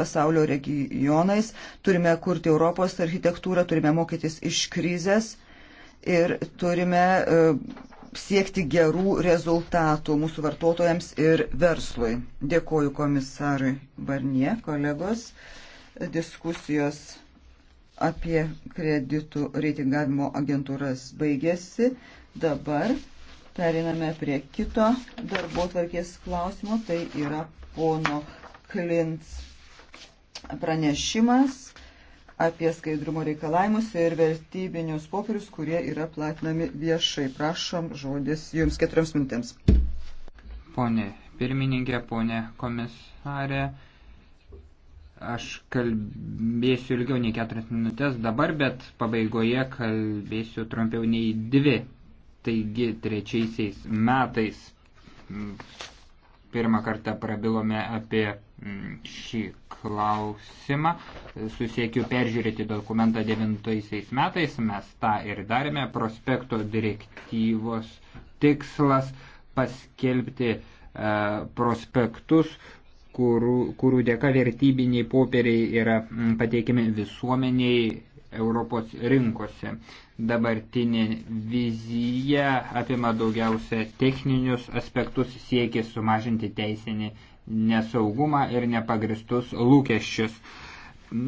pasaulio regionais, turime kurti Europos architektūrą, turime mokytis iš krizės ir turime e, siekti gerų rezultatų mūsų vartotojams ir verslui. Dėkoju komisarui Barnie, kolegos. Diskusijos apie kreditų reitingavimo agentūras baigėsi. Dabar periname prie kito darbo tvarkės klausimo, tai yra pono Klins pranešimas apie skaidrumo reikalavimus ir vertybinius popierius, kurie yra platinami viešai. Prašom, žodis jums keturiams mintėms. Pone pirmininkė, pone komisarė, aš kalbėsiu ilgiau nei keturias minutės dabar, bet pabaigoje kalbėsiu trumpiau nei dvi. Taigi trečiaisiais metais pirmą kartą prabilome apie šį klausimą. Susiekiu peržiūrėti dokumentą 9 metais, mes tą ir darėme. Prospekto direktyvos tikslas paskelbti e, prospektus, kurių, kurių dėka vertybiniai popieriai yra pateikiami visuomeniai Europos rinkose. Dabartinė vizija apima daugiausia techninius aspektus siekis sumažinti teisinį nesaugumą ir nepagristus lūkesčius.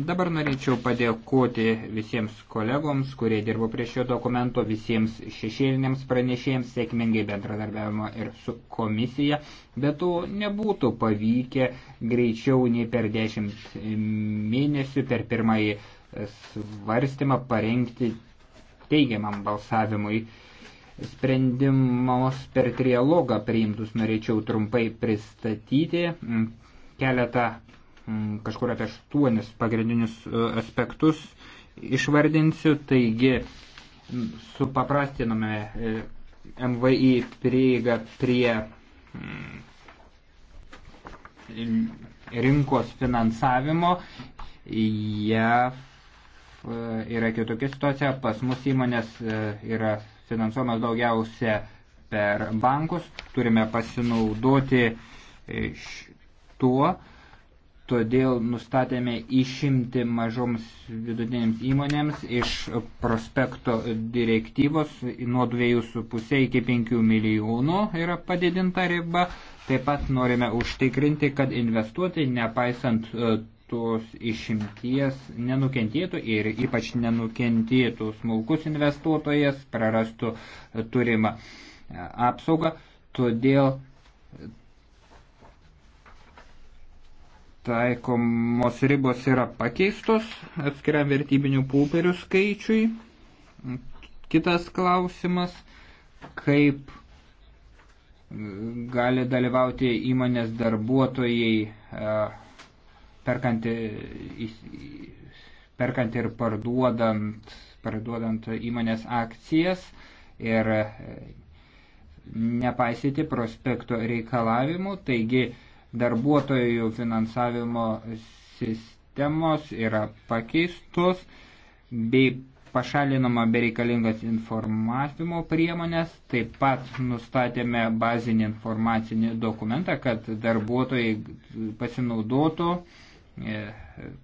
Dabar norėčiau padėkoti visiems kolegoms, kurie dirbo prie šio dokumento, visiems šešėliniams pranešėjams, sėkmingai bendradarbiavimo ir su komisija, bet to nebūtų pavykę greičiau nei per dešimt mėnesių, per pirmąjį svarstymą parengti teigiamam balsavimui sprendimos per trialogą priimtus norėčiau trumpai pristatyti mm, keletą mm, kažkur apie aštuonis pagrindinius e, aspektus išvardinsiu. Taigi, mm, supaprastinome e, MVI prieigą prie rinkos finansavimo. JAV e, yra kitokia situacija, pas mus įmonės yra finansuojamas daugiausia per bankus. Turime pasinaudoti e, tuo. Todėl nustatėme išimti mažoms vidutinėms įmonėms iš prospekto direktyvos nuo 2,5 iki 5 milijonų yra padidinta riba. Taip pat norime užtikrinti, kad investuotojai, nepaisant e, tos išimties nenukentėtų ir ypač nenukentėtų smulkus investuotojas, prarastų turimą apsaugą. Todėl taikomos ribos yra pakeistos atskiriam vertybinių pūperių skaičiui. Kitas klausimas, kaip gali dalyvauti įmonės darbuotojai perkant, perkant ir parduodant, parduodant įmonės akcijas ir e, nepaisyti prospekto reikalavimų, taigi darbuotojų finansavimo sistemos yra pakeistos bei pašalinama bereikalingas informavimo priemonės, taip pat nustatėme bazinį informacinį dokumentą, kad darbuotojai pasinaudotų uh, E,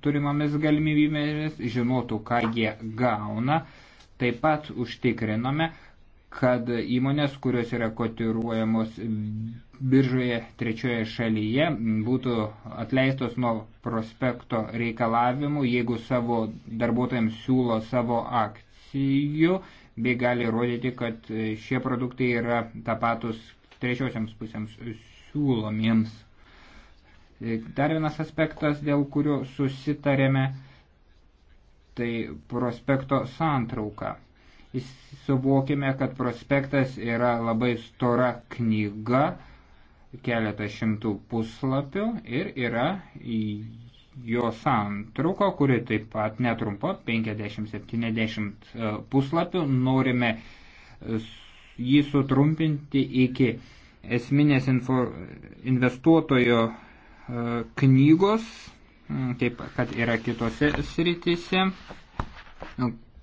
turimomis galimybėmis, žinotų, ką jie gauna. Taip pat užtikrinome, kad įmonės, kurios yra kotiruojamos biržoje trečioje šalyje, būtų atleistos nuo prospekto reikalavimų, jeigu savo darbuotojams siūlo savo akcijų, bei gali rodyti, kad šie produktai yra tapatus trečiosiams pusėms siūlomiems Dar vienas aspektas, dėl kurio susitarėme, tai prospekto santrauka. Suvokime, kad prospektas yra labai stora knyga, keletą šimtų puslapių ir yra jo santruko, kuri taip pat netrumpa, 50-70 e, puslapių, norime e, jį sutrumpinti iki esminės info, investuotojo knygos, kaip mm, kad yra kitose sritise.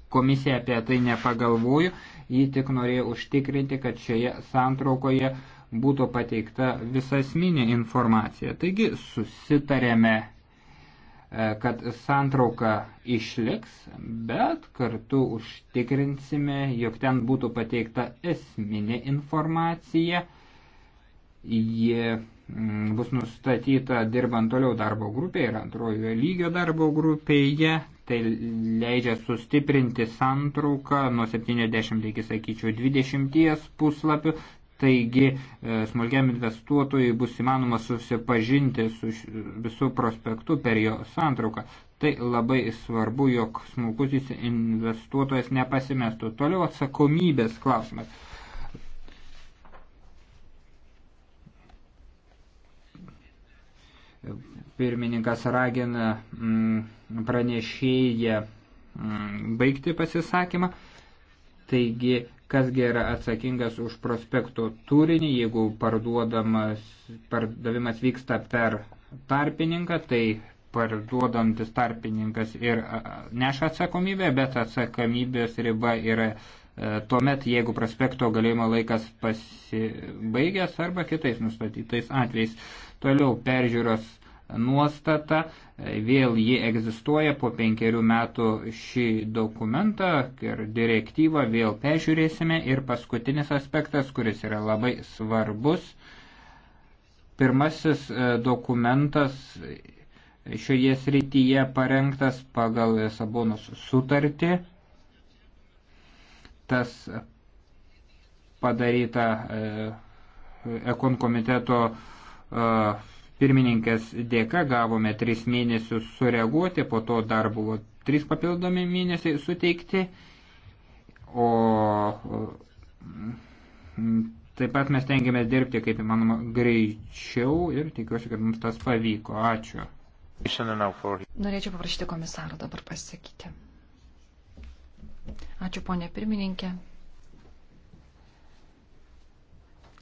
Komisija apie tai nepagalvojo, ji tik norėjo užtikrinti, kad šioje santraukoje būtų pateikta visasminė informacija. Taigi susitarėme, e, kad santrauka išliks, bet kartu užtikrinsime, jog ten būtų pateikta esminė informacija – Jie mm, bus nustatyta dirbant toliau darbo grupėje ir antrojo lygio darbo grupėje. Tai leidžia sustiprinti santrauką nuo 70 iki, sakyčiau, 20 puslapių. Taigi e, smulkiam investuotojui bus įmanoma susipažinti su visų prospektu per jo santrauką. Tai labai svarbu, jog smulkusis investuotojas nepasimestų. Toliau atsakomybės klausimas Pirmininkas ragina mm, pranešėję mm, baigti pasisakymą. Taigi, kasgi yra atsakingas už prospekto turinį, jeigu pardavimas vyksta per tarpininką, tai parduodantis tarpininkas ir neša atsakomybę, bet atsakomybės riba yra e, tuomet, jeigu prospekto galėjimo laikas pasibaigęs arba kitais nustatytais atvejais. Toliau peržiūros nuostata. Vėl ji egzistuoja po penkerių metų šį dokumentą ir direktyvą vėl peržiūrėsime. Ir paskutinis aspektas, kuris yra labai svarbus. Pirmasis e, dokumentas šioje srityje parengtas pagal Lisabonos sutartį. Tas padaryta e, Ekon komiteto uh, pirmininkės dėka gavome tris mėnesius sureaguoti, po to dar buvo trys papildomi mėnesiai suteikti, o taip pat mes tengiamės dirbti kaip įmanoma greičiau ir tikiuosi, kad mums tas pavyko. Ačiū. Norėčiau paprašyti komisarą dabar pasakyti. Ačiū, ponė pirmininkė.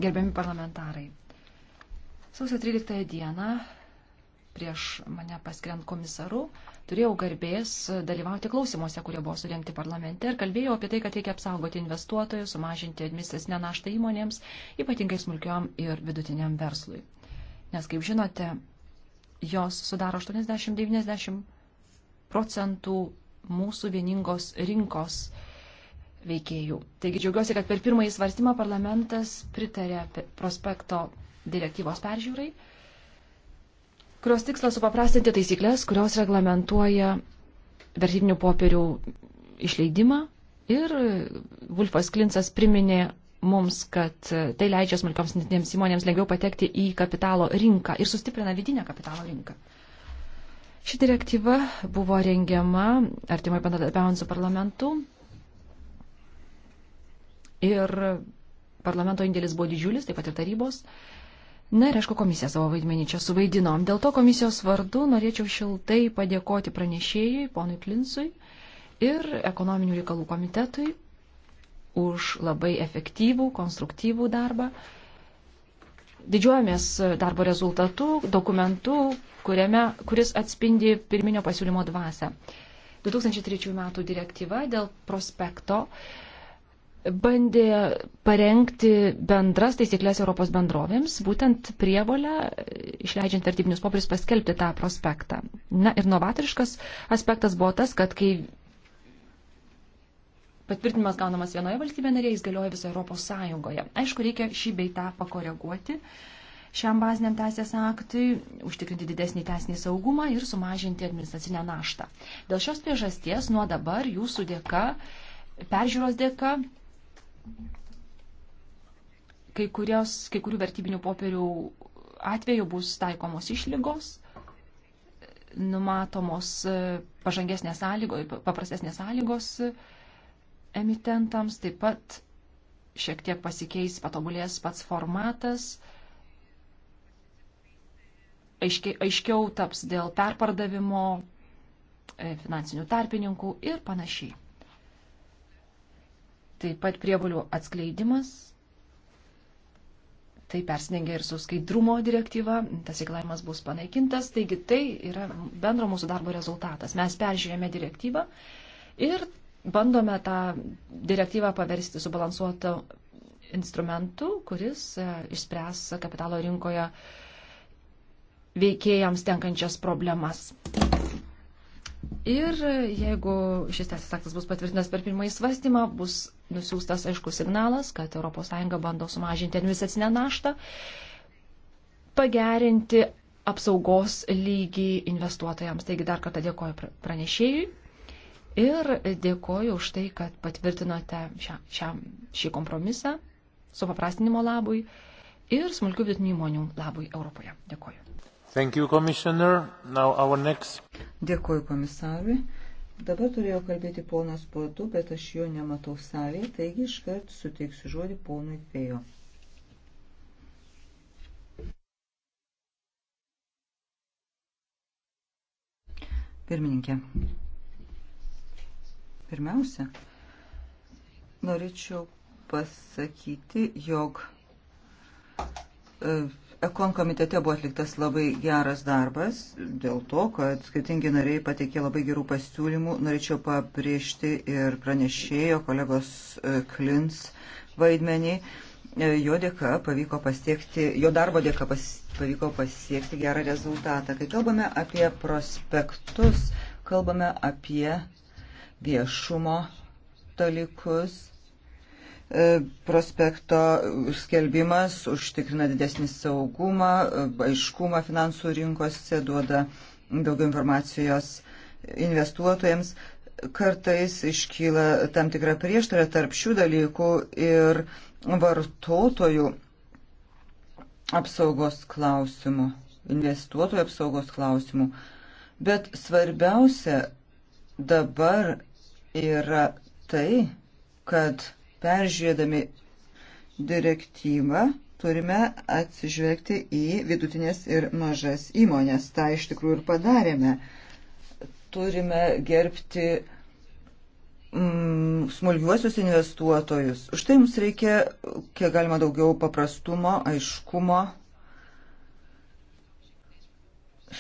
Gerbiami parlamentarai. Sausio 13 dieną prieš mane paskiriant komisaru, turėjau garbės dalyvauti klausimuose, kurie buvo suremti parlamente ir kalbėjau apie tai, kad reikia apsaugoti investuotojus, sumažinti administracinę naštą įmonėms, ypatingai smulkiom ir vidutiniam verslui. Nes, kaip žinote, jos sudaro 80-90 procentų mūsų vieningos rinkos veikėjų. Taigi džiaugiuosi, kad per pirmąjį svarstymą parlamentas pritarė prospekto direktyvos peržiūrai, kurios tikslas supaprastinti taisyklės, kurios reglamentuoja vertybinių popierių išleidimą. Ir Vulfas Klinsas priminė mums, kad tai leidžia smulkioms nedinėms įmonėms lengviau patekti į kapitalo rinką ir sustiprina vidinę kapitalo rinką. Ši direktyva buvo rengiama artimai bendradarbiaujant su parlamentu ir parlamento indėlis buvo didžiulis, taip pat ir tarybos. Uh, Na ir aišku, komisija savo vaidmenį čia suvaidino. Dėl to komisijos vardu norėčiau šiltai padėkoti pranešėjui, ponui Klinsui ir ekonominių reikalų komitetui už labai efektyvų, konstruktyvų darbą. Didžiuojamės darbo rezultatų, dokumentų, kuriame, kuris atspindi pirminio pasiūlymo dvasę. 2003 m. direktyva dėl prospekto uh, bandė parengti bendras taisyklės Europos bendrovėms, būtent prievolę, e, išleidžiant vertybinius popierius, paskelbti tą prospektą. Na ir novatoriškas aspektas buvo tas, kad kai patvirtinimas gaunamas vienoje valstybėje narėje, jis galioja visoje Europos Sąjungoje. Aišku, reikia šį bei tą pakoreguoti šiam baziniam teisės aktui, užtikrinti didesnį teisinį saugumą ir sumažinti administracinę naštą. Dėl šios priežasties nuo dabar jūsų dėka, peržiūros dėka, Kai, kurios, kai kurių vertybinių popierių atveju bus taikomos išlygos, numatomos e, pažangesnės sąlygos, paprastesnės sąlygos e, emitentams, taip pat šiek tiek pasikeis, patobulės pats formatas, aiškiai, aiškiau taps dėl perpardavimo, e, finansinių tarpininkų ir panašiai taip pat prievolių atskleidimas. Tai persidengia ir su skaidrumo direktyva, tas įklaimas bus panaikintas, taigi tai yra bendro mūsų darbo rezultatas. Mes peržiūrėjome direktyvą ir bandome tą direktyvą paversti subalansuoto instrumentu, kuris e, išspręs kapitalo rinkoje veikėjams tenkančias problemas. Ir jeigu šis teisės aktas bus patvirtintas per pirmąjį svarstymą, bus nusiųstas aiškus signalas, kad ES bando sumažinti administracinę naštą, pagerinti apsaugos lygį investuotojams. Taigi dar kartą dėkoju pranešėjui ir dėkoju už tai, kad patvirtinote šią, šią, šį kompromisą su paprastinimo labui ir smulkių vidutinių įmonių labui Europoje. Dėkoju. You, next... Dėkuoju komisarui. Dabar turėjo kalbėti ponas Podu, bet aš jo nematau salėje, taigi iškart suteiksiu žodį ponui Fejo. Pirmininkė. Pirmiausia, norėčiau pasakyti, jog e, Ekon komitete buvo atliktas labai geras darbas dėl to, kad skirtingi nariai pateikė labai gerų pasiūlymų. Norėčiau pabrėžti ir pranešėjo kolegos e, Klins vaidmenį. E, jo, dėka pavyko pasiekti, jo darbo dėka pas, pavyko pasiekti gerą rezultatą. Kai kalbame apie prospektus, kalbame apie viešumo dalykus E, prospekto skelbimas užtikrina didesnį saugumą, e, aiškumą finansų rinkose, duoda daugiau informacijos investuotojams. Kartais iškyla tam tikra prieštara tarp šių dalykų ir vartotojų apsaugos klausimų, investuotojų apsaugos klausimų. Bet svarbiausia dabar yra tai, kad peržiūrėdami direktyvą turime atsižvelgti į vidutinės ir mažas įmonės. Ta iš tikrųjų ir padarėme. Turime gerbti mm, smulgiuosius investuotojus. Už tai mums reikia, kiek galima daugiau paprastumo, aiškumo,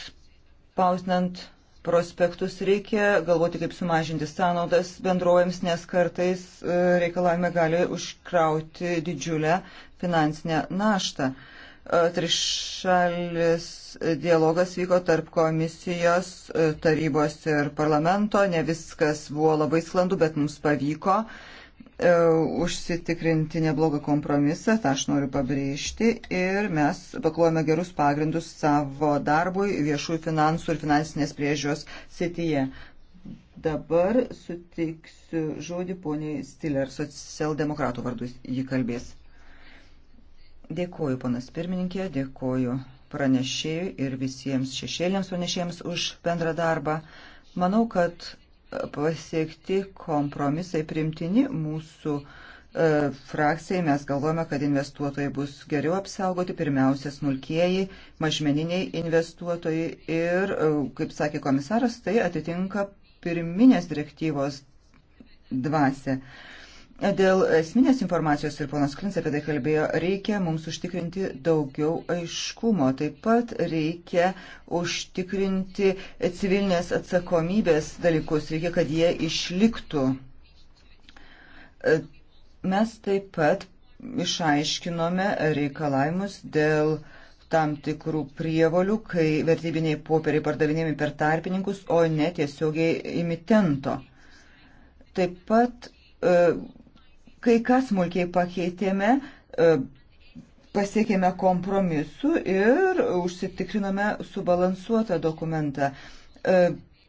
spausdinant prospektus, reikia galvoti, kaip sumažinti sąnaudas bendrovėms, nes kartais e, reikalavimai gali užkrauti didžiulę finansinę naštą. E, trišalis dialogas vyko tarp komisijos, e, tarybos ir parlamento, ne viskas buvo labai sklandu, bet mums pavyko. Uh, E, užsitikrinti neblogą kompromisą, tą aš noriu pabrėžti, ir mes pakluojame gerus pagrindus savo darbui viešųjų finansų ir finansinės priežios sityje. Dabar sutiksiu žodį poniai Stiller, socialdemokratų vardus jį kalbės. Dėkuoju, ponas pirmininkė, dėkuoju pranešėjui ir visiems šešėliams pranešėjams už bendrą darbą. Manau, kad pasiekti kompromisai primtini mūsų e, frakcijai. Mes galvojame, kad investuotojai bus geriau apsaugoti, pirmiausia, smulkieji, mažmeniniai investuotojai ir, e, kaip sakė komisaras, tai atitinka pirminės direktyvos dvasę. Dėl esminės informacijos ir ponas Klins apie tai kalbėjo, reikia mums užtikrinti daugiau aiškumo. Taip pat reikia užtikrinti civilinės atsakomybės dalykus, reikia, kad jie išliktų. E, mes taip pat išaiškinome reikalavimus dėl tam tikrų prievolių, kai vertybiniai popieriai pardavinėjami per tarpininkus, o ne tiesiogiai imitento. Taip pat e, Kai kas smulkiai pakeitėme, e, pasiekėme kompromisu ir užsitikrinome subalansuotą dokumentą. E,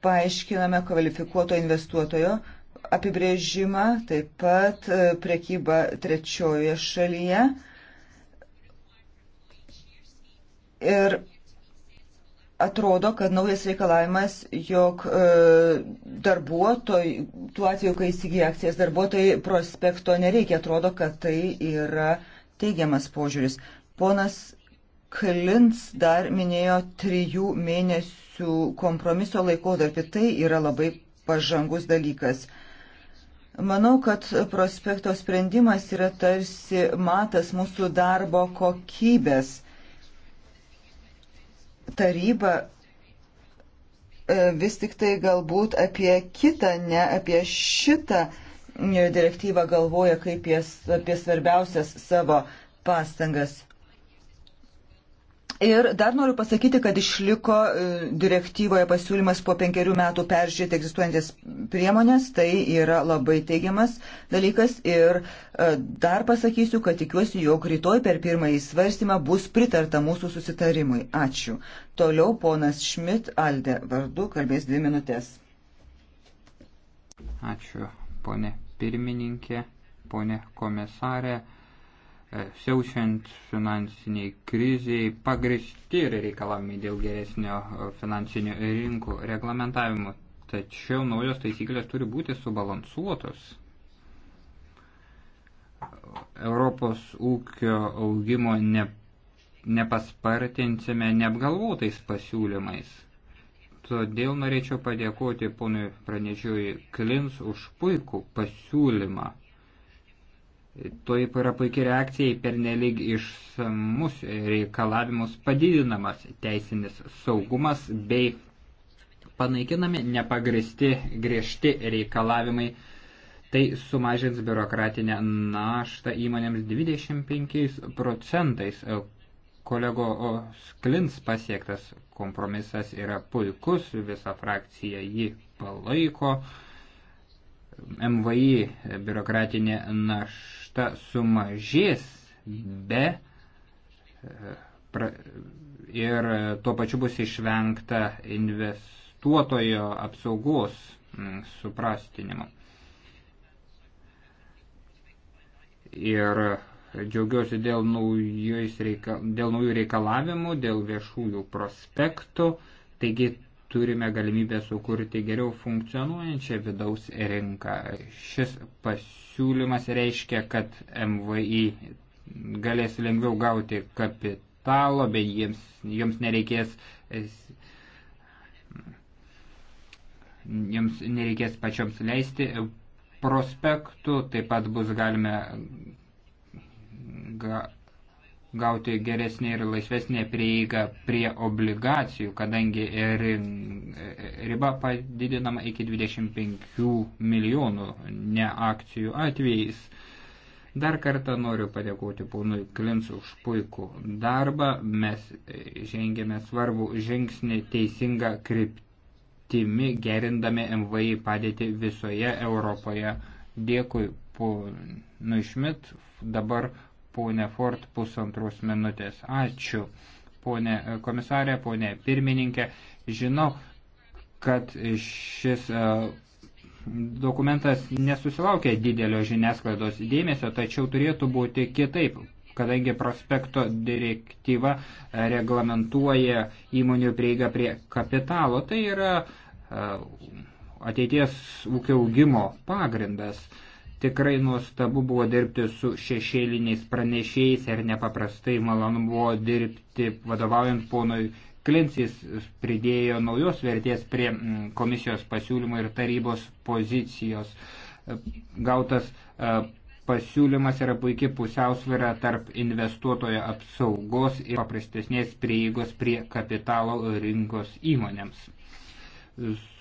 paaiškiname kvalifikuoto investuotojo apibrėžimą, taip pat e, prekyba trečiojoje šalyje. Ir atrodo, kad naujas reikalavimas, jog e, darbuotojai, tuo atveju, kai įsigyja akcijas, darbuotojai prospekto nereikia, atrodo, kad tai yra teigiamas požiūris. Ponas Klins dar minėjo trijų mėnesių kompromiso laikotarpį. Tai yra labai pažangus dalykas. Manau, kad prospekto sprendimas yra tarsi matas mūsų darbo kokybės taryba e, vis tik tai galbūt apie kitą, ne apie šitą e, direktyvą galvoja kaip apie svarbiausias savo pastangas. Ir dar noriu pasakyti, kad išliko e, direktyvoje pasiūlymas po penkerių metų peržiūrėti egzistuojantis priemonės, tai yra labai teigiamas dalykas. Ir e, dar pasakysiu, kad tikiuosi, jog rytoj per pirmąjį svarstymą bus pritarta mūsų susitarimui. Ačiū. Toliau ponas Šmit Alde vardu kalbės dvi minutės. Ačiū, ponė pirmininkė, ponė komisarė siaučiant finansiniai kriziai pagristi ir reikalavimai dėl geresnio e, finansinių rinkų reglamentavimo. Tačiau naujos taisyklės turi būti subalansuotos. Europos ūkio augimo ne, nepaspartinsime neapgalvotais pasiūlymais. Todėl norėčiau padėkoti ponui pranešėjui Klins už puikų pasiūlymą. Toj yra puikiai reakcija į pernelyg išsamus reikalavimus padidinamas teisinis saugumas bei panaikinami nepagristi griežti reikalavimai. Tai sumažins biurokratinę naštą įmonėms 25 procentais. Kolego Sklins pasiektas kompromisas yra puikus, visa frakcija jį palaiko. MVI biurokratinė našta ta sumažės be e, pra, ir tuo pačiu bus išvengta investuotojo apsaugos suprastinimo. Ir džiaugiuosi dėl, reikal, dėl naujų reikalavimų, dėl viešųjų prospektų. Taigi turime galimybę sukurti geriau funkcionuojančią vidaus rinką. Šis pasiūlymas reiškia, kad MVI galės lengviau gauti kapitalo, bet jiems, jiems nereikės. Jiems nereikės pačioms leisti prospektų, taip pat bus galime ga, gauti geresnį ir laisvesnį prieigą prie obligacijų, kadangi e, riba padidinama iki 25 milijonų ne akcijų atvejais. Dar kartą noriu padėkoti ponui Klins už puikų darbą. Mes žengėme svarbų žingsnį teisingą kryptimi, gerindami MVI padėti visoje Europoje. Dėkui ponui Šmit. Dabar ponė Ford pusantros minutės. Ačiū, ponė e, komisarė, ponė pirmininkė. Žinau, kad šis e, dokumentas nesusilaukė didelio žiniasklaidos dėmesio, tačiau turėtų būti kitaip kadangi prospekto direktyva e, reglamentuoja įmonių prieigą prie kapitalo, tai yra ateities ūkio augimo pagrindas. Tikrai nuostabu buvo dirbti su šešėliniais pranešėjais ir nepaprastai malonu buvo dirbti vadovaujant ponui Klincis pridėjo naujos vertės prie mm, komisijos pasiūlymo ir tarybos pozicijos. Gautas e, pasiūlymas yra puikiai pusiausvėra tarp investuotojo apsaugos ir paprastesnės prieigos prie kapitalo rinkos įmonėms.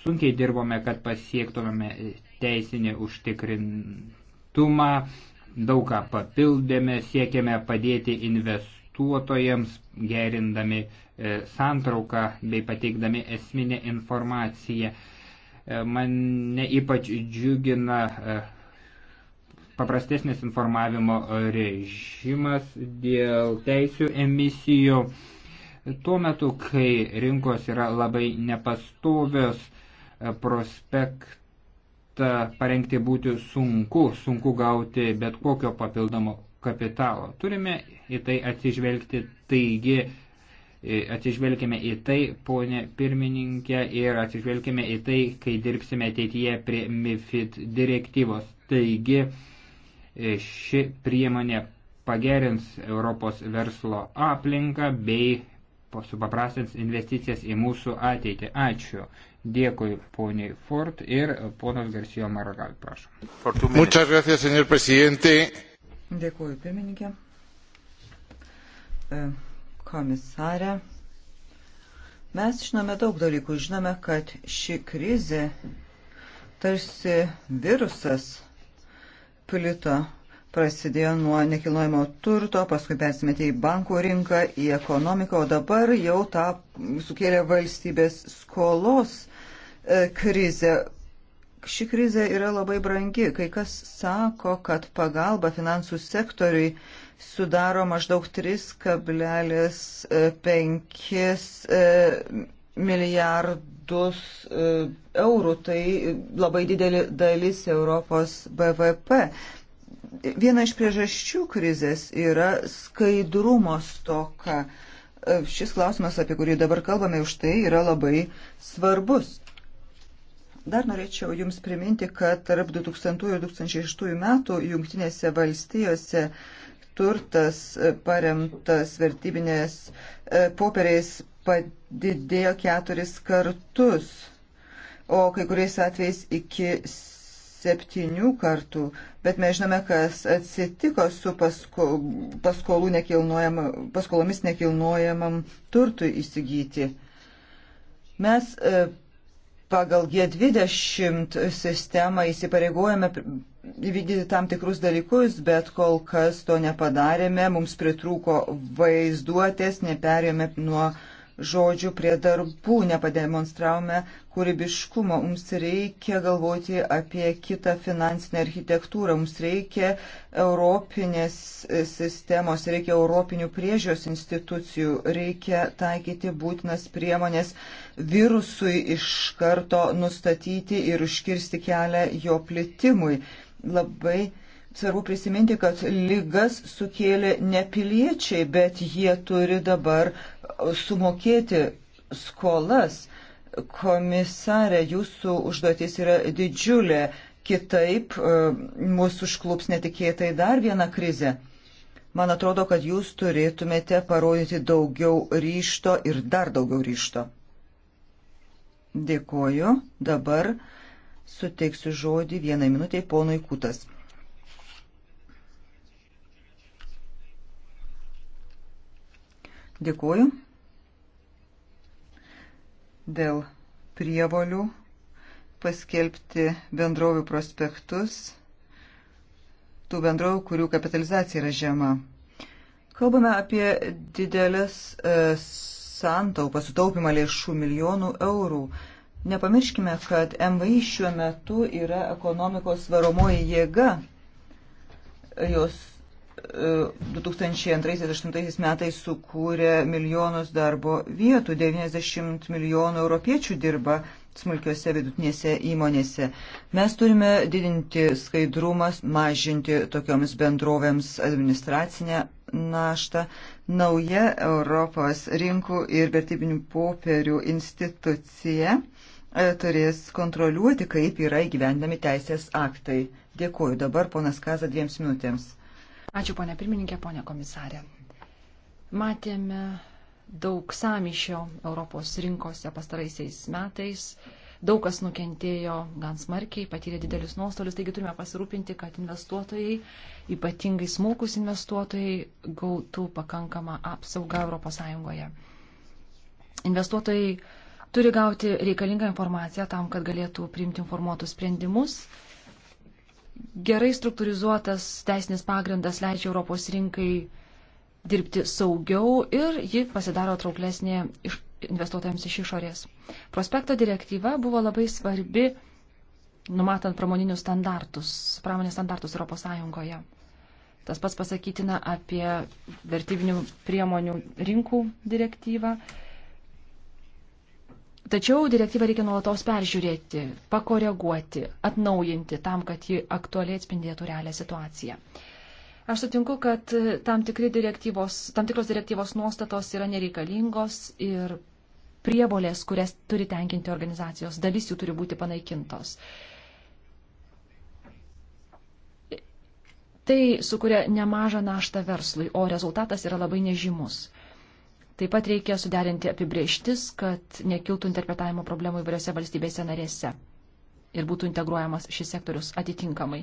Sunkiai dirbome, kad pasiektumėme teisinį užtikrintumą, daug ką papildėme, siekėme padėti investuotojams, gerindami e, santrauką bei pateikdami esminę informaciją. E, mane ypač džiugina e, paprastesnis informavimo režimas dėl teisių emisijų. Tuo metu, kai rinkos yra labai nepastovios, prospekt parengti būti sunku, sunku gauti bet kokio papildomo kapitalo. Turime į tai atsižvelgti, taigi e, atsižvelgime į tai, ponė pirmininkė, ir atsižvelgime į tai, kai dirbsime ateityje prie MIFID direktyvos. Taigi e, ši priemonė pagerins Europos verslo aplinką bei supaprastins investicijas į mūsų ateitį. Ačiū. Dėkui poniai Ford ir ponas Garsijo Maragal, prašom. Muchas gracias, señor presidente. Dėkuoju, pirmininkė. E, komisarė. Mes žinome daug dalykų. Žinome, kad ši krizė tarsi virusas plito prasidėjo nuo nekilnojimo turto, paskui persimetė į bankų rinką, į ekonomiką, o dabar jau tą sukėlė valstybės skolos e, krizę. Ši krizė yra labai brangi. Kai kas sako, kad pagalba finansų sektoriui sudaro maždaug 3,5 e, milijardus e, eurų. Tai labai didelė dalis Europos BVP. Viena iš priežasčių krizės yra skaidrumo stoka. E, šis klausimas, apie kurį dabar kalbame, už tai yra labai svarbus. Dar norėčiau Jums priminti, kad tarp 2000 ir 2006 metų Junktinėse valstijose turtas e, paremtas vertybinės e, popieriais padidėjo keturis kartus, o kai kuriais atvejais iki septynių kartų, bet mes žinome, kas atsitiko su pasko, paskolų nekilnojama, paskolomis nekilnojamam turtui įsigyti. Mes e, pagal G20 sistemą įsipareigojame įvykdyti tam tikrus dalykus, bet kol kas to nepadarėme, mums pritrūko vaizduotės, neperėjome nuo uh, žodžių prie darbų, nepademonstravome kūrybiškumo. Mums reikia galvoti apie kitą finansinę architektūrą, mums reikia europinės sistemos, reikia europinių priežios institucijų, reikia taikyti būtinas priemonės virusui iš karto nustatyti ir užkirsti kelią jo plitimui. Labai svarbu prisiminti, kad lygas sukėlė ne piliečiai, bet jie turi dabar uh, sumokėti skolas. Komisarė, jūsų užduotis yra didžiulė, kitaip e, mūsų užklups netikėtai dar viena krizė. Man atrodo, kad jūs turėtumėte parodyti daugiau ryšto ir dar daugiau ryšto. Dėkoju. Dabar suteiksiu žodį vienai minutiai ponui Kutas. Dėkuoju. Dėl prievolių paskelbti bendrovių prospektus, tų bendrovių, kurių kapitalizacija yra žema. Kalbame apie didelės e, santaupas, sutaupimą lėšų milijonų eurų. Nepamirškime, kad MVI šiuo metu yra ekonomikos varomoji jėga. Jos 2002-2008 metais sukūrė milijonus darbo vietų, 90 milijonų europiečių dirba smulkiose vidutinėse įmonėse. Mes turime didinti skaidrumą, mažinti tokioms bendrovėms administracinę naštą. Nauja Europos rinkų ir vertybinių popierių institucija e, turės kontroliuoti, kaip yra įgyvendami teisės aktai. Dėkuoju. Dabar ponas Kaza dviems minutėms. Ačiū, ponė pirmininkė, ponė komisarė. Matėme daug samyšio Europos rinkose pastaraisiais metais. Daug kas nukentėjo gan smarkiai, patyrė didelius nuostolius, taigi turime pasirūpinti, kad investuotojai, ypatingai smulkus investuotojai, gautų pakankamą apsaugą ES. Investuotojai turi gauti reikalingą informaciją tam, kad galėtų priimti informuotus sprendimus gerai struktūrizuotas teisinis pagrindas leidžia Europos rinkai dirbti saugiau ir ji pasidaro trauklesnė iš investuotojams iš išorės. Prospekto direktyva buvo labai svarbi, numatant pramoninius standartus, pramonės standartus Europos Sąjungoje. Tas pats pasakytina apie vertybinių priemonių rinkų direktyvą Tačiau direktyvą reikia nuolatos peržiūrėti, pakoreguoti, atnaujinti tam, kad ji aktualiai atspindėtų realią situaciją. Aš sutinku, kad tam, direktyvos, tam tikros direktyvos nuostatos yra nereikalingos ir prievolės, kurias turi tenkinti organizacijos, dalis jų turi būti panaikintos. Tai sukuria nemažą naštą verslui, o rezultatas yra labai nežymus. Taip pat reikia suderinti apibrieštis, kad nekiltų interpretavimo problemų įvairiose valstybėse narėse ir būtų integruojamas šis sektorius atitinkamai.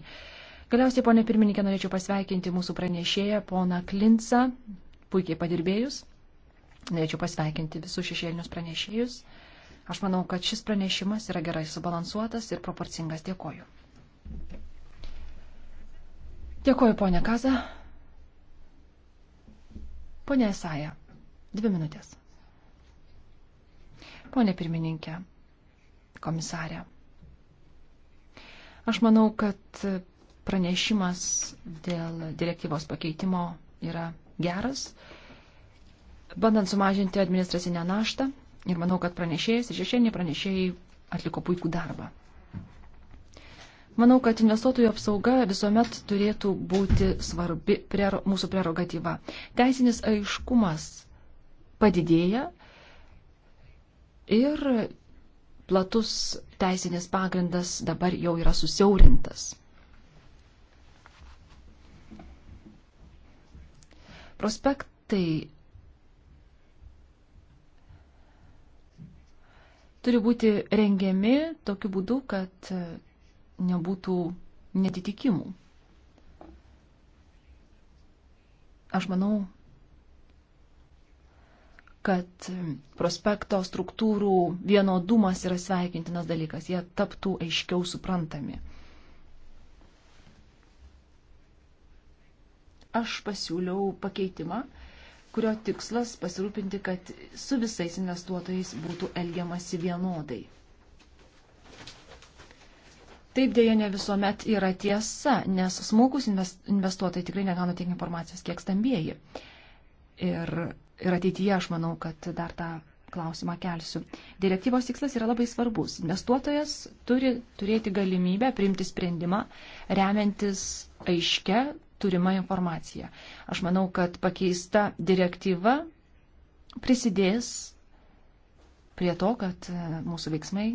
Galiausiai, ponė pirmininkė, norėčiau pasveikinti mūsų pranešėją, poną Klinsą, puikiai padirbėjus. Norėčiau pasveikinti visus šešėlinius pranešėjus. Aš manau, kad šis pranešimas yra gerai subalansuotas ir proporcingas. Dėkoju. Dėkoju, ponė Kaza. Ponė Esaja. Dvi minutės. Pone pirmininkė, komisarė. Aš manau, kad pranešimas dėl direktyvos pakeitimo yra geras, bandant sumažinti administracinę naštą ir manau, kad pranešėjas ir šešėliniai pranešėjai atliko puikų darbą. Manau, kad investuotojų apsauga visuomet turėtų būti svarbi prero, mūsų prerogatyva. Teisinis aiškumas padidėja ir platus teisinis pagrindas dabar jau yra susiaurintas. Prospektai turi būti rengiami tokiu būdu, kad nebūtų netitikimų. Aš manau, kad prospekto struktūrų vienodumas yra sveikintinas dalykas, jie taptų aiškiau suprantami. Aš pasiūliau pakeitimą, kurio tikslas pasirūpinti, kad su visais investuotojais būtų elgiamasi vienodai. Taip dėja ne visuomet yra tiesa, nes smulkus investuotojai tikrai negauna tiek informacijos, kiek stambieji. Ir ir ateityje aš manau, kad dar tą klausimą kelsiu. Direktyvos tikslas yra labai svarbus. Investuotojas turi turėti galimybę priimti sprendimą remiantis aiškia turima informacija. Aš manau, kad pakeista direktyva prisidės prie to, kad e, mūsų veiksmai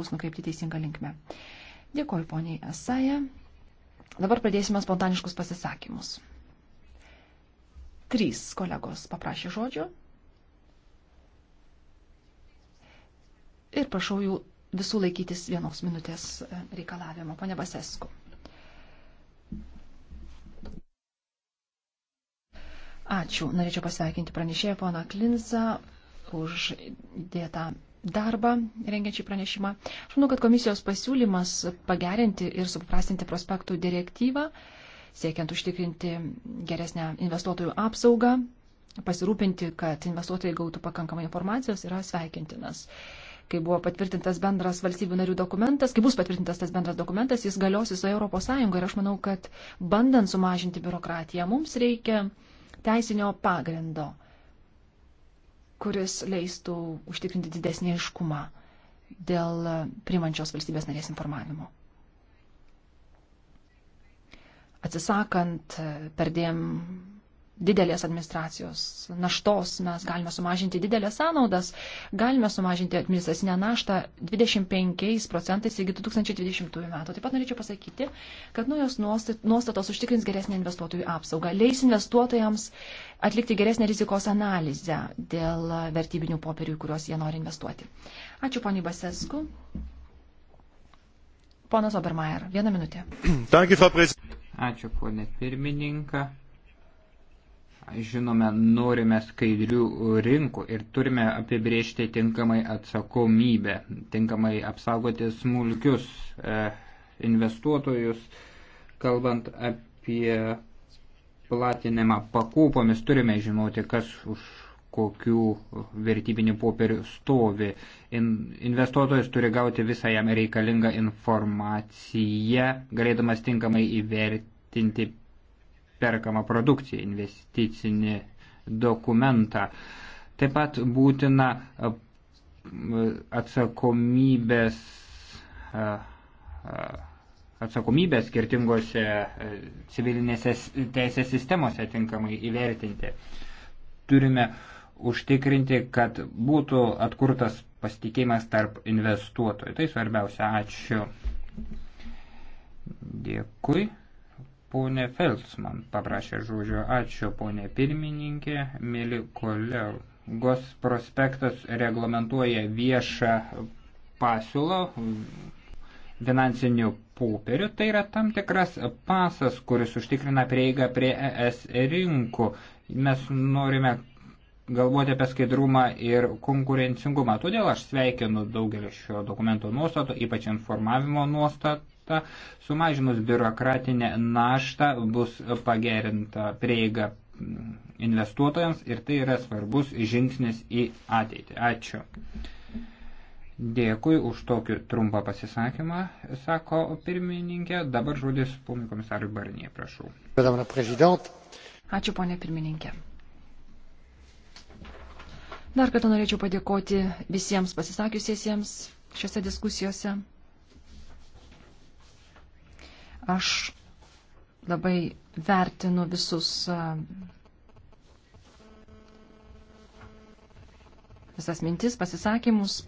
bus nukreipti teisinga linkme. Dėkoju poniai Esaja. Dabar pradėsime spontaniškus pasisakymus. Trys kolegos paprašė žodžio. Ir prašau jų visų laikytis vienos minutės e, reikalavimo. Pone Basesku. Ačiū. Norėčiau pasveikinti pranešėją poną Klinzą už dėtą darbą rengiančiai pranešimą. Aš manau, kad komisijos pasiūlymas pagerinti ir supaprastinti prospektų direktyvą uh, siekiant užtikrinti geresnę investuotojų apsaugą, pasirūpinti, kad investuotojai gautų pakankamai informacijos, yra sveikintinas. Kai buvo patvirtintas bendras valstybių narių dokumentas, kai bus patvirtintas tas bendras dokumentas, jis galios visoje Europos Sąjungoje ir aš manau, kad bandant sumažinti biurokratiją, mums reikia teisinio pagrindo, kuris leistų užtikrinti didesnį aiškumą dėl primančios valstybės narės informavimo atsisakant e, perdėm didelės administracijos naštos, mes galime sumažinti didelės sąnaudas, galime sumažinti administracinę naštą 25 procentais iki 2020 metų. Taip pat norėčiau pasakyti, kad naujos nuostatos užtikrins geresnį investuotojų apsaugą, leis investuotojams atlikti geresnę rizikos analizę dėl vertybinių popierių, kuriuos jie nori investuoti. Ačiū poniai Basesku. Ponas Obermeier, vieną minutę. Danke, Ačiū, ponė pirmininka. Žinome, norime skaidrių rinkų ir turime apibriežti tinkamai atsakomybę, tinkamai apsaugoti smulkius e, investuotojus. Kalbant apie platinimą pakūpomis, turime žinoti, kas už kokių vertybinių popierių stovi. In, investuotojas turi gauti visą jam reikalingą informaciją, galėdamas tinkamai įvertinti perkamą produkciją, investicinį dokumentą. Taip pat būtina atsakomybės, atsakomybės skirtingose civilinėse teisės sistemose tinkamai įvertinti. Turime uh, užtikrinti, kad būtų atkurtas pasitikėjimas tarp investuotojų. Tai svarbiausia. Ačiū. Dėkui. Pone Felsman paprašė žodžio. Ačiū, ponė pirmininkė, mėly kolegos. Prospektas reglamentuoja viešą pasiūlą finansinių popierių. Tai yra tam tikras pasas, kuris užtikrina prieigą prie ES rinkų. Mes norime, galvoti apie skaidrumą ir konkurencingumą. Todėl aš sveikinu daugelį šio dokumento nuostatų, ypač informavimo nuostatą. Sumažinus biurokratinę naštą bus pagerinta prieiga mm, investuotojams ir tai yra svarbus žingsnis į ateitį. Ačiū. Dėkui už tokį trumpą pasisakymą, sako pirmininkė. Dabar žodis ponui komisarui Barnie, prašau. Ačiū, ponė pirmininkė. Dar kartą norėčiau padėkoti visiems pasisakiusiesiems šiose diskusijose. Aš labai vertinu visus visas mintis, pasisakymus,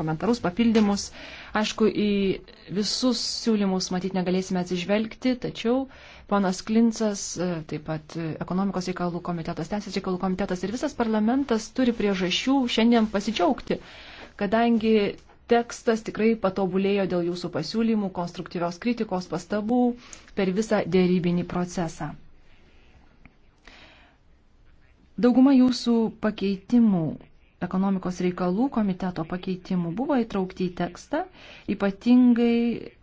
komentarus, papildymus. Aišku, į visus siūlymus matyti negalėsime atsižvelgti, tačiau ponas Klincas, e, taip pat ekonomikos reikalų komitetas, teisės reikalų komitetas ir visas parlamentas turi priežasčių šiandien pasidžiaugti, kadangi tekstas tikrai patobulėjo dėl jūsų pasiūlymų, konstruktyvios kritikos, pastabų per visą dėrybinį procesą. Dauguma jūsų pakeitimų ekonomikos reikalų komiteto pakeitimų buvo įtraukti į tekstą, ypatingai,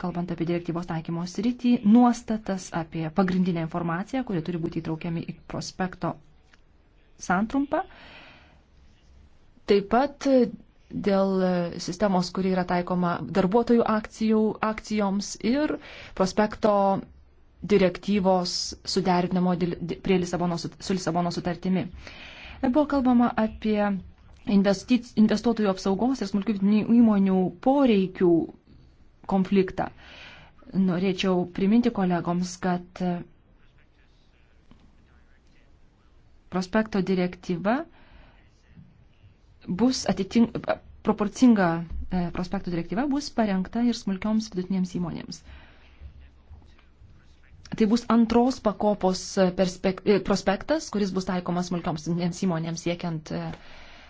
kalbant apie direktyvos taikymo sritį, nuostatas apie pagrindinę informaciją, kurie turi būti įtraukiami į prospekto santrumpą. Taip pat dėl sistemos, kuri yra taikoma darbuotojų akcijų, akcijoms ir prospekto direktyvos suderinimo prie Lisabono, su Lisabono sutartimi. Buvo kalbama apie investic, investuotojų apsaugos ir smulkių įmonių poreikių konfliktą. Norėčiau priminti kolegoms, kad e, prospekto direktyva bus atitink, proporcinga e, prospekto direktyva bus parengta ir smulkioms vidutinėms įmonėms. Tai bus antros pakopos e, prospektas, kuris bus taikomas smulkioms įmonėms siekiant uh,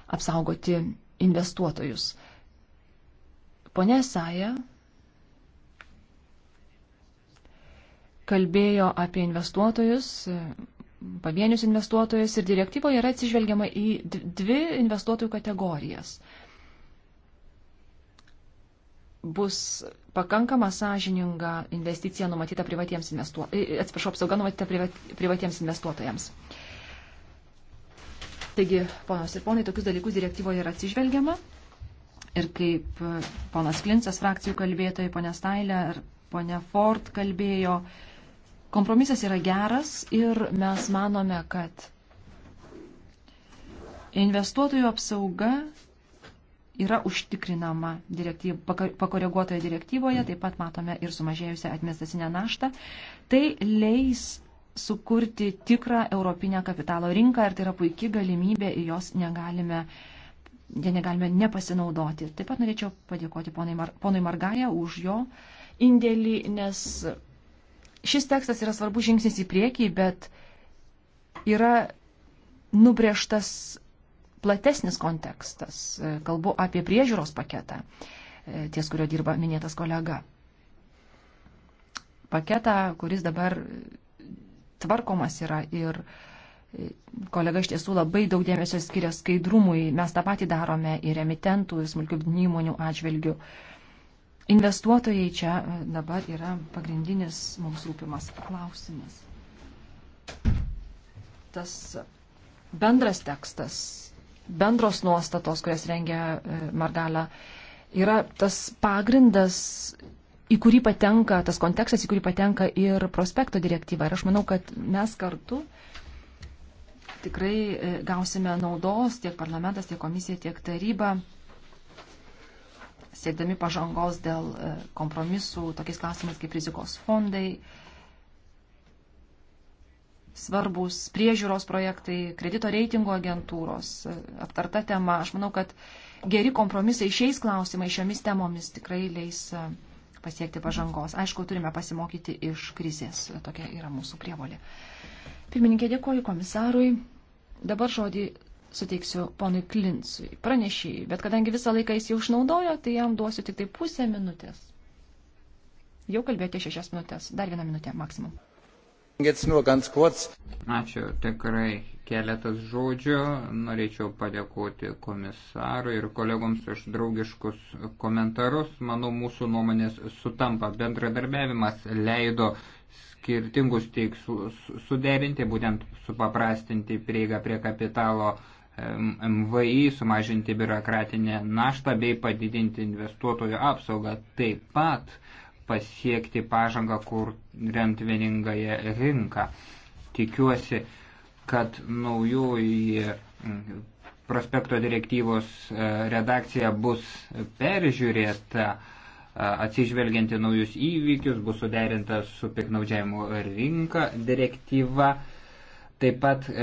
apsaugoti investuotojus. Pone Saja kalbėjo apie investuotojus, pavienius investuotojus ir direktyvoje yra atsižvelgiama į dvi investuotojų kategorijas. Bus pakankama sąžininga investicija numatyta privatiems investuotojams, e, e, atsiprašau, apsauga numatyta privatiems investuotojams. Taigi, ponos ir ponai, tokius dalykus direktyvoje yra atsižvelgiama. Ir kaip e, ponas Klincas frakcijų kalbėtojai, ponia Stailė ir ponia Ford kalbėjo, kompromisas yra geras ir mes manome, kad investuotojų apsauga yra užtikrinama direktyv, pakoreguotoje direktyvoje, taip pat matome ir sumažėjusią administracinę naštą. Tai leis sukurti tikrą europinę kapitalo rinką ir tai yra puikia galimybė ir jos negalime, jie negalime nepasinaudoti. Taip pat norėčiau padėkoti ponui, Mar ponui Margaja už jo indėlį, nes šis tekstas yra svarbus žingsnis į priekį, bet yra nubrėžtas platesnis kontekstas. Kalbu apie priežiūros paketą, ties kurio dirba minėtas kolega. Paketą, kuris dabar tvarkomas yra ir kolega iš tiesų labai daug dėmesio skiria skaidrumui. Mes tą patį darome ir emitentų, ir smulkių įmonių atžvilgių. Investuotojai čia e, dabar yra pagrindinis mums rūpimas klausimas. Tas bendras tekstas, bendros nuostatos, kurias rengia e, Margalė, yra tas pagrindas į kurį patenka tas kontekstas, į kurį patenka ir prospekto direktyva. Ir aš manau, kad mes kartu tikrai e, gausime naudos tiek parlamentas, tiek komisija, tiek taryba, siekdami pažangos dėl e, kompromisų tokiais klausimais kaip rizikos fondai, svarbus priežiūros projektai, kredito reitingo agentūros, e, aptarta tema. Aš manau, kad geri kompromisai šiais klausimais, šiomis temomis tikrai leis pasiekti pažangos. Aišku, turime pasimokyti iš krizės. Tokia yra mūsų prievolė. Pirmininkė, dėkoju komisarui. Dabar žodį suteiksiu ponui Klinsui, pranešėjai, bet kadangi visą laiką jis jau išnaudojo, tai jam duosiu tik tai pusę minutės. Jau kalbėjote šešias minutės, dar vieną minutę maksimum. Ačiū tikrai keletas žodžių. Norėčiau padėkoti komisarui ir kolegoms už draugiškus komentarus. Manau, mūsų nuomonės sutampa. Bendradarbiavimas leido skirtingus tikslus suderinti, būtent supaprastinti prieigą prie kapitalo MVI, sumažinti biurokratinę naštą bei padidinti investuotojų apsaugą. Taip pat pasiekti pažangą, kur remt vieningąją rinką. Tikiuosi, kad naujoji prospekto direktyvos e, redakcija bus peržiūrėta e, atsižvelgianti naujus įvykius, bus suderinta su piknaudžiavimo rinka direktyva, taip pat e,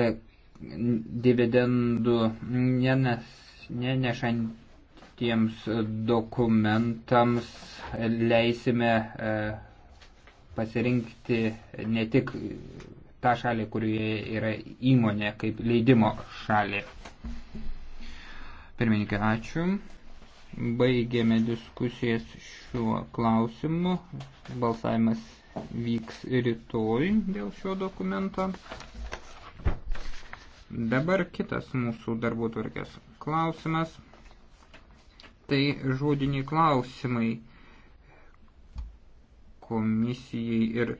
dividendų nenešant tiems dokumentams leisime e, pasirinkti ne tik tą šalį, kurioje yra įmonė, kaip leidimo šalį. Pirmininkė, ačiū. Baigėme diskusijas šiuo klausimu. Balsavimas vyks rytoj dėl šio dokumento. Dabar kitas mūsų darbo tvarkės klausimas tai žodiniai klausimai komisijai ir